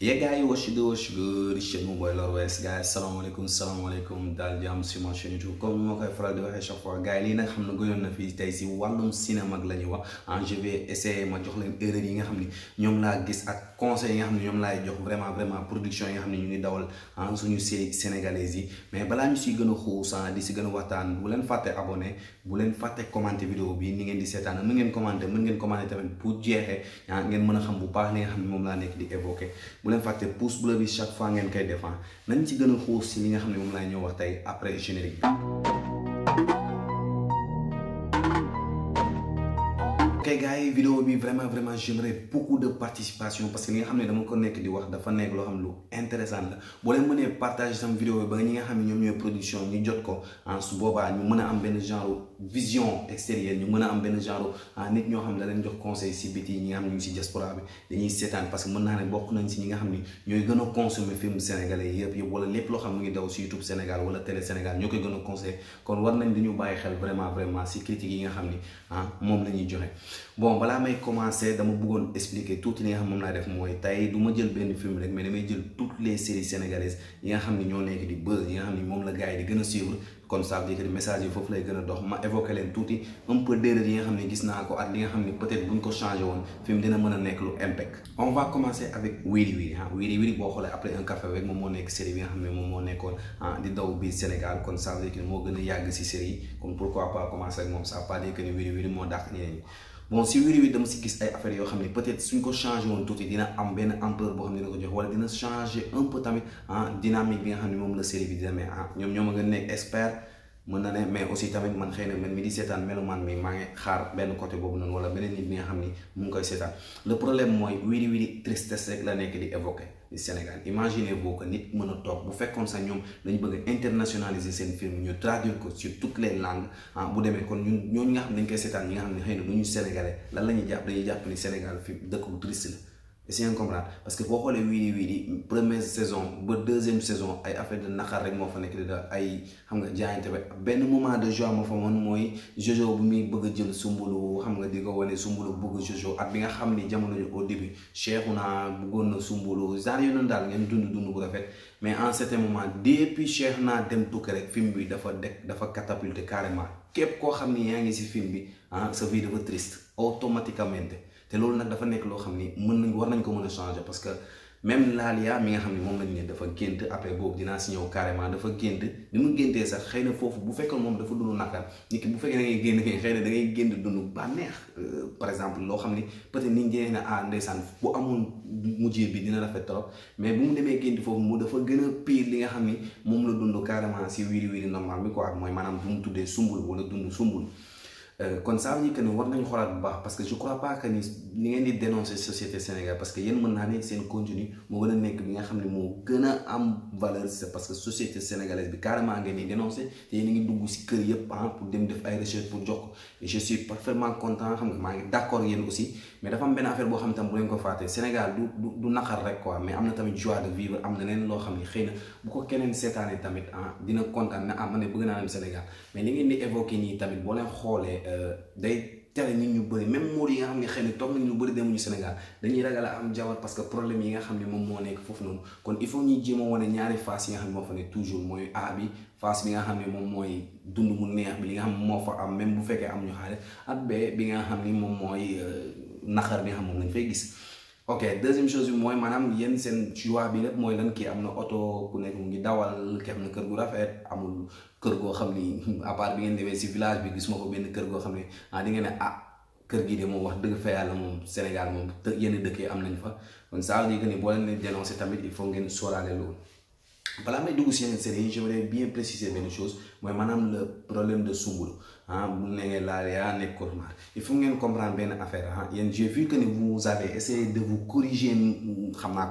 yee gars yi what's good what's good it's your boy Lord Wes yi salaamaaleykum salaamaaleykum daal jàmm si ma chaîne YouTube comme moo koy faral di xam ne gënoon na fii tey si wàllum cinéma la ñuy wax en ah, je ma jox leen erreur yi nga xam ne ñoom laa gis ak conseils yi nga xam ne ñoom laay jox vraiment vraiment production yi xam ne ñu ngi dawal en ah, suñu série sénégalaise yi mais balaa ñu si gën a xuusan ah, di si gën a waxtaan bu leen fàtte abonné bu leen fàtte commenté vidéo bi ni ngeen di seetaan mën ngeen commenté mën ngeen commenté tamit bu jeexee ngeen mën a xam bu baax li nga xam ne moom laa nekk di évoqué bu leen fàtte pouce bleu bi chaque fois ngeen koy défend nañ ci gën a xuus si li nga xam ne moom laa ñëw wax tey après générique bi vidéo bi vraiment vraiment j'aimerais beaucoup de participation parce que li nga xam ne dama ko nekk di wax dafa nekk lu xam ne ñoom ñooy production ñu jot ko en am benn genre vision ñu mën a am benn genre ah, nit ñoo xam ne da jox conseil si biti ñi nga xam ne ñu si diaspora bi dañuy seetaan parce que mën naa a consommer film sénégalais yëpp yëpp wala lépp loo si YouTube Sénégal wala ñoo gën a conseil kon war nañ dañu bàyyi xel vraiment vraiment si critiques yi nga xam ni ah, moom la ñuy joxe bon balaa may commencer dama bëggoon expliquer tuuti li nga xam moom mooy tey du ma jël benn film rek mais damay jël les séries nga xam ne ñoo nekk di moom a suivre message yi foofu lay gën a dox leen tuuti un peu d'erreur ne gis naa ko ak li nga xam ne peut-être buñ a nekk lu impact. on va commencer avec Wiri Wiri ah, moom moo nekk série ne moo nekkoon ah di daw biir Sénégal kon ça veut dire moo gën a yàgg si série yi kon pourquoi pas commencer ak moom ça veut pas dire que ni Wiri moo dàq ñeneen ñi bon si wiri dama si gis ay affaires yoo xam ne peut-être suñ ko changé woon tuuti dina am benn ampleur boo xam ne dina ko jox wala dina changé un peu tamit ah bi nga xam ne moom la série bi di ah, ñoom ñoo ma nga nekk expert mais aussi tamit man xëy mi di seetaan melumaan mi maa ngi xaar benn côté boobu noonu wala beneen nit bi nga xam ni mu ngi koy seetaan le problème mooy wiri wiri tristesse rek la nekk di évoqué. du Sénégal imaginez-vous que nit mën a toog bu fekkoon sax ñoom dañu bëgg a seen film ñu traduire ko sur toutes les langues ah bu demee kon ñun ñooñu nga xam ne dañ koy seetaan ñi nga xam ne xëy na du ñu sénégalais lan la ñuy jàpp dañuy jàpp ni Sénégal fi dëkk bu triste la. si ngeen comprendre parce que boo xoolee Wili Wili première saison ba deuxième saison ay affaire de naqar rek moo fa nekk ay xam nga jaayante ba benn moment de joie moo fa moon mooy Jojo bu muy bëgg a jël sumbulu xam nga di ko wane sumbulu bëgg Jojo ak bi nga xam ni jamono ji au début Cheikhouna bëggoon na sumbulu genre yoonoon daal ngeen dund dund bu rafet mais en certain moment depuis Cheikhouna dem tukki rek film bi dafa dekk dafa catapulté carrément képp koo xam ni yaa ngi si film bi ah sa vie dafa triste te loolu nag dafa nekk loo xam ni mën nañ war nañ ko mën a changer parce que même Laalia mi nga xam ne moom lañ ne dafa gént boobu dinaa si ñëw carrément dafa gént mu géntee sax xëy na foofu bu fekkoon moom dafa dund nakar nit ki bu génn kay xëy na da ngay génn dund bànneex euh, par exemple loo xam ni peut-être nit ñi ne ah ndeysaan bu amoon mujjee bi dina rafet trop mais bu mu demee gént foofu mu dafa gën a li nga xam ni moom la dund carrément si wiiri wiiri normal bi quoi mooy maanaam bu mu tuddee sumbul wala dund sumbul Euh, kon ça veut dire que ni war nañu xoolaat bu baax parce que je crois pas que ni li ngeen di dénoncer société Sénégal parce que yéen mën naa ne seen contenu moo gën a nekk a am valeur c'est parce que société sénégalaise bi carrément ngeen di dénoncer ngi dugg si kër yëpp ah ay recherche pour jox ko je suis maa ngi d'accord yéen aussi mais dafa am benn xam tam bu leen ko fàtte Sénégal du du naqar rek quoi mais am na tamit joie de vivre am na leen loo xam ne xëy na bu ko keneen seetaanee tamit ah, dina kontaan ne ah man ne bëgg naa dem Sénégal mais li ngeen di évoquer nii tamit boo leen xoolee Euh, day tere nit ñu bëri même muur yi nga xam ne xëy na toog nañ ñu bëri ñu Sénégal dañuy ragal am jabar parce que problème yi nga xam ni moom moo nekk foofu noonu kon il faut ñuy jéem a ñaari face yi nga xam ne moo ne toujours mooy bi face bi nga xam ne moom mooy dund mu neex bi li nga xam moo fa am même bu fekkee am ñu xaalis ak B bi nga xam ni moom mooy euh, naxar bi nga xam moom lañ fay gis ok deuxième chose bi mooy maanaam yéen seen choix bi lépp mooy lan kii am na oto ku nekk mu ngi dawal ki am na kër gu rafet amul kër goo xam ni à part bi ngeen demee si village bi gis ma ko benn kër goo xam ne ah di ngeen ne ah kër gii de moom wax dëgg fa yàlla moom Sénégal moom te yenn dëkk yi am nañ fa kon saa veut dire que ni boo leen tamit il faut ngeen sóoraale loolu. balaa may dugg si yeneen série yi bien préciser benn chose mooy maanaam le problème de Soumboulou. ah bu ne laa yaa nekk il benn affaire ah yéen j'ai vu que ni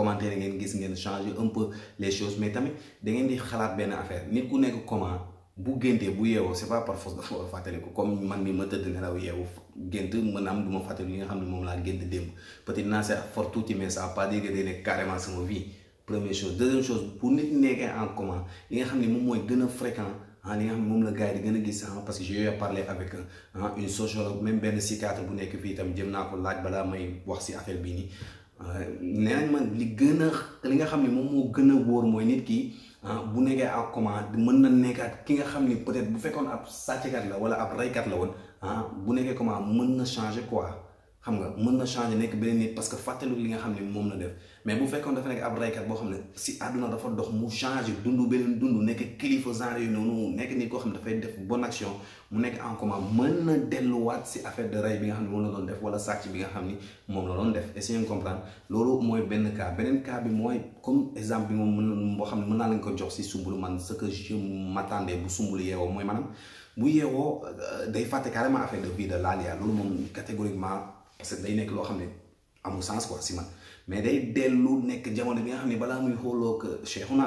ngeen gis ngeen changer un peu les choses mais tamit ngeen di xalaat benn affaire nit ku nekk comment bu géntee bu yeewoo c'est pas par force dafa war a fàttaliku comme man mi ma tëdd nelaw yeewu gént mën am du ma fàttali nga xam ne moom laa gént démb peut-être naa c'est fort tuuti mais ça nga xam ne moom mooy gën a fréquent ah li nga xam moom la gars yi gën a gis ah parce que j'ai eu parler avec ah, une sociologue même benn psychiatre bu nekk fii itam jëm naa ko laaj balaa may wax si affaire bii nii euh, nee man li gën a li nga xam ne moom moo gën a wóor mooy nit ki ah, bu nekkee ak commande mën na nekkaat ki nga xam ni peut-être bu fekkoon ab sàcckat la wala ab raykat la woon ah bu nekkee commande mën na changer quoi xam nga mën na changer nekk beneen nit parce que fàttaliku li nga xam ne moom la def. mais bu fekkoon dafa nekk ab raykat boo xam ne si àdduna dafa dox mu changé dund beneen dund nekk kilifa genre yu noonu nekk nit koo xam ne dafay def bonne action mu nekk en commun mën na delluwaat si affaire de ray nga xam ne moom la doon def wala sàcc bi nga xam ni moom la doon def essayez comprendre loolu mooy benn cas beneen cas bi mooy comme exemple bi moom xam mën naa leen ko jox si sumbulu man ce que je m'attendais bu sumbulu mooy maanaam bu yeewoo euh, day fàtte carrément affaire de vie de Laalia loolu moom catégoriquement parce que day nekk loo xam ne amul sens quoi si man mais day dellu nekk jamono bi nga xam ne balaa muy xooloo ak Cheikhouna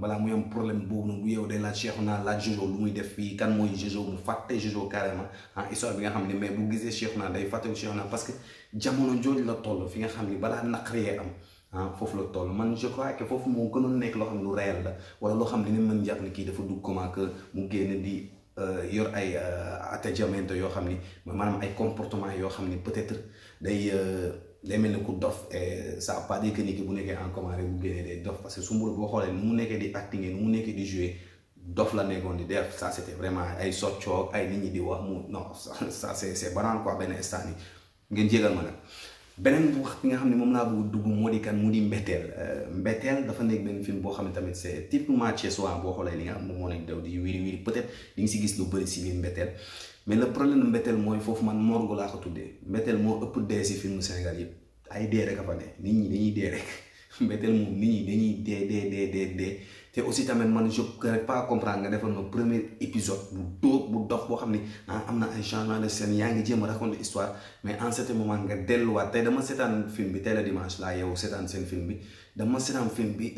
balaa muy am problème boobu noonu bu yow day laaj Cheikhouna laaj Jojo lu muy def fii kan mooy Jojo mu fàtte Jojo carrément ah histoire bi nga xam ne mais bu gisee Cheikhouna day fàtte Cheikhouna parce que jamono jooju la toll fi nga xam ne balaa naqaree am ah foofu la toll man je crois que foofu moo gënoon nekk loo xam ne lu réel la wala loo xam ne ni mën jàpp ni kii dafa dugg comment que mu génn di euh, yor ay euh, atteggiamento yoo xam ni maanaam ay comportement yoo xam ni peut-être day. Euh, day mel ni ku dof et ça pas dire que ni ki bu nekkee en commun rek bu génnee day dof parce que Soumboulou boo xoolee nu mu nekkee di acting nu mu nekkee di jouer dof la nekkoon di def ça vraiment ay soccoog ay nit ñi di wax mu no ça sa est c' est banal quoi benn instant yi ngeen jégal ma nag beneen bu wax bi nga xam ne moom laa bëgg dugg moo di kan mu di mbetteel euh, mbetteel dafa nekk benn film boo xam ne tamit c' est typiquement chez soi boo xoolee li nga xam moom moo nekk daw di wiri wiri peut être nga si gis lu bëri si biir mbetteel mais le problème mbetteel mooy foofu man morgue laa ko tuddee mbetteel moo ëpp dee si filmu Sénégal yëpp ay dee rek a fa ne nit ñi dañuy dee rek mbetteel ñi dañuy dee de dee dee dee te aussi tamit man je ne pas comprendre nga defal ma premier épisode bu dóog bu dox boo xam ne ah, am na ay changement de scène yaa ngi jéem a histoire mais en ce moment nga delluwaat tey dama seetaan film bi tey la dimanche laa yow seetaan seen film bi dama seetaan film bi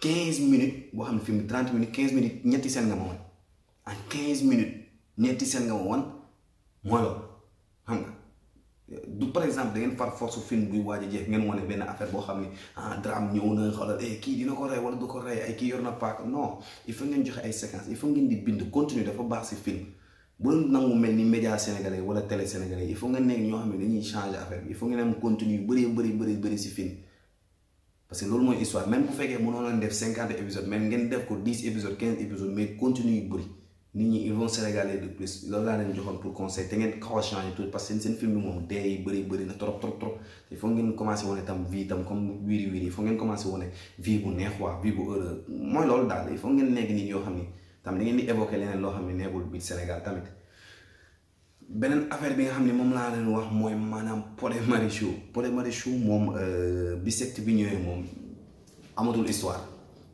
15 euh, minutes boo xam ne film bi 30 minutes 15 minutes ñetti scène nga ma woon ñeenti seen nga ma wan mooy loolu xam nga du par exemple da far force film buy waaj a jeex ngeen wane benn affaire boo xam ne ah drame ñëw na xoolal eh kii dina ko rey wala du ko rey ay kii yor na paak non il faut ngeen joxe ay séquences il faut ngeen di bind continue dafa baax si film bu doon nangu mel ni média sénégalais wala télé sénégalais il faut ngeen nekk ñoo xam ne dañuy changer affaire bi il faut ngeen am continue yu bëri bëri bëri bëri si film parce que loolu mooy nit ñi ils vont sénégalais loolu laa leen joxoon pour conseil te ngeen xaw a changé tout parce que seen film bi moom dee yi bëri bëri na trop trop trop il faut ngeen commencé wane tam vie tam comme wiiri wiiri il faut ngeen commencé wane vie bu neex waa vie bu heureux mooy loolu daal il faut ngeen nekk nit yoo xam ni tam da ngeen di évoqué leneen loo xam ne nekkul biir Sénégal tamit beneen affaire bi nga xam ne moom laa leen wax mooy maanaam Pod et Marichou Pod moom euh, bi secte bi ñëwee moom amatul histoire.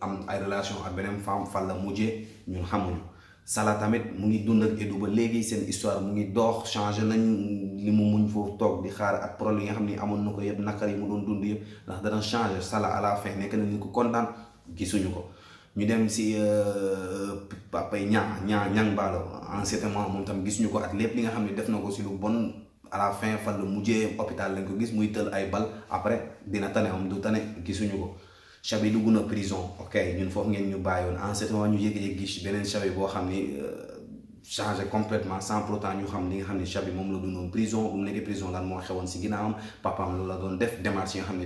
am ay relation a beneen femme fan la mujjee ñun xamuñu Sala tamit mu ngi dund ak Edu ba léegi seen histoire mu ngi doox changé nañ li mu muñ foofu toog di xaar ak problème yi nga xam ni amoon na ko yëpp nakar yi mu doon dund yëpp ndax dana changé Sala à la fin nekk na ni ko kontaan gisuñu ko ñu dem si euh, papay ñaa ñaa ñang baalo en certain moment moom tam gisuñu ko lépp li nga xam ne def na ko si lu bon à la fin fan la mujjee hôpital lañ ko gis muy tël ay bal après dina tane am du tane gisuñu ko Chabi dugg na prison ok ñun foofu ngeen ñu bàyyoon en ce moment ñu yëg euh, xam li nga xam ne Chabi moom la dundoon prison bu mu nekkee prison lan moo xewoon si ginnaawam papaam loolu la doon def démarche nga xam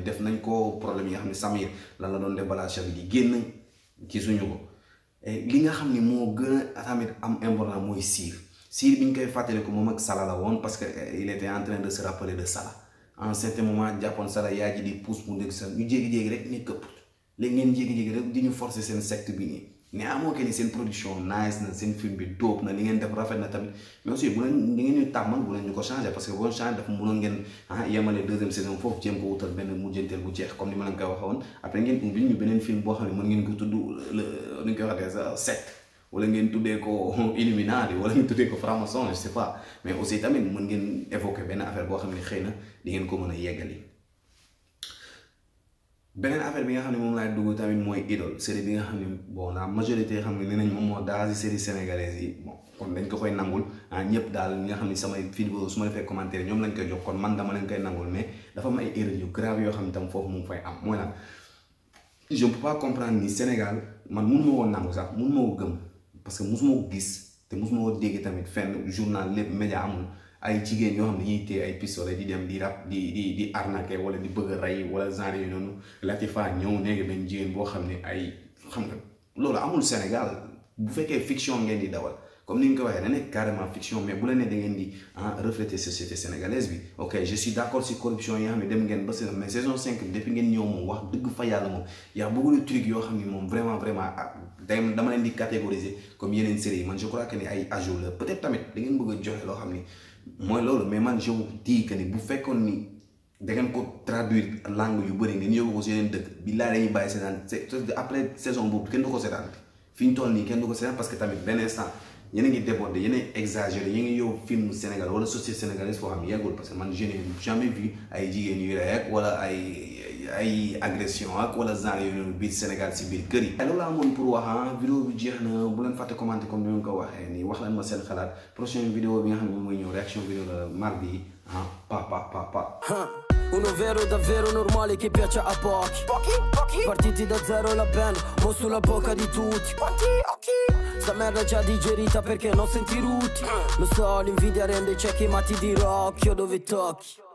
ne moo gën a am important mooy siir siir bi ñu koy fàttaliku moom ak Sala la woon parce que euh, il était en train de se rappeler de Sala en moment jàppoon Sala yaa ji di pousse mu dégg Sala ñu jéegi-jéegi rek ni këpp léegi ngeen jékki-jékki rek di ñu forcer seen secte bi nii mais amoo que ni seen production nice na seen film bi dóob na li ngeen def rafet na tamit mais aussi bu leen li ngeen ñu tàmmal ñu ko changé parce que boo changé dafa mënoon ngeen ah yemale deuxième saison benn mujjanteel bu jeex comme ni ma leen koy waxee woon après ngeen ubbil ñu beneen boo xam ne mën ngeen ko tudd le ñu koy wala ngeen tuddee ko Illuminati wala ngeen tuddee ko franc-maçon je pas mais aussi tamit mën ngeen évoquer benn affaire boo xam ne xëy na di ngeen ko mën a yeggali. beneen affaire bi nga xam ne moom laay dugg tamit mooy idole série bi nga xam ne bon la majorité xam ne nee nañ moom moo daal si série sénégalaise yi kon dañ ko koy nangul ah ñëpp daal ñi nga xam ne samay vidéo su ma defee commentaire ñoom lañ koy jox kon man dama leen koy nangul mais dafa am ay erreur yu grave yoo xam ne tam foofu mu fay am mooy lan je ne peux pas comprendre ni Sénégal man mun ma ko nangu sax mun ma ko gëm parce que musuma ko gis te musuma ko dégg tamit fenn journal lépp média amul ay jigéen yoo xam ne ñuy téye ay pistolet di dem di rab di di di arnaqué wala di bëgg a rey wala genre la noonu Latifa ñëw boo xam ne ay xam nga loolu amul Sénégal bu fekkee fiction ngeen di dawal comme ni ñu ko waxee da nekk carrément fiction mais bu d' ah, accord si corruption yi nga xam ne dem ngeen ba saison mais saison 5 bi ngeen ñëw moom a beaucoup yoo xam ne moom vraiment vraiment ah, day dama leen di catégoriser comme yeneen série yi man je crois ni ay ajout la peut être tamit da ngeen bëgg a joxe loo xam ni. mooy loolu mais man je vous dis que ni bu fekkoon ni da ngeen ko traduire langue yu bëri ngeen yóbbu ko si yeneen dëkk bi laa dañuy bàyyi seetaan après saison boobu kenn du ko seetaan fi ñu toll nii kenn du ko seetaan parce que tamit benn instant yéen a ngi débordé yéen exagéré yéen ngi yow film Sénégal wala société sénégalaise foo xam yeggul parce que man je n'ai jamais vu ay jigéen yuy rey ak wala ay. ay agression ak wala genre yooyu noonu Sénégal si biir kër yi. loolu laa ah, bi jeex bu leen fàtte commenter comme ni ma ko waxee nii wax leen ma seen xalaat prochaine vidéo bi nga xam ne moom mooy ñëw réaction vidéo la mardi ah pa pa pa pa. Uno vero davvero normale che piace a pochi Pochi, pochi Partiti da zero la band, mo sulla bocca di tutti Quanti occhi Sta merda già digerita perché non senti rutti mm. Lo so, l'invidia a ciechi ma ti dirò occhio dove tocchi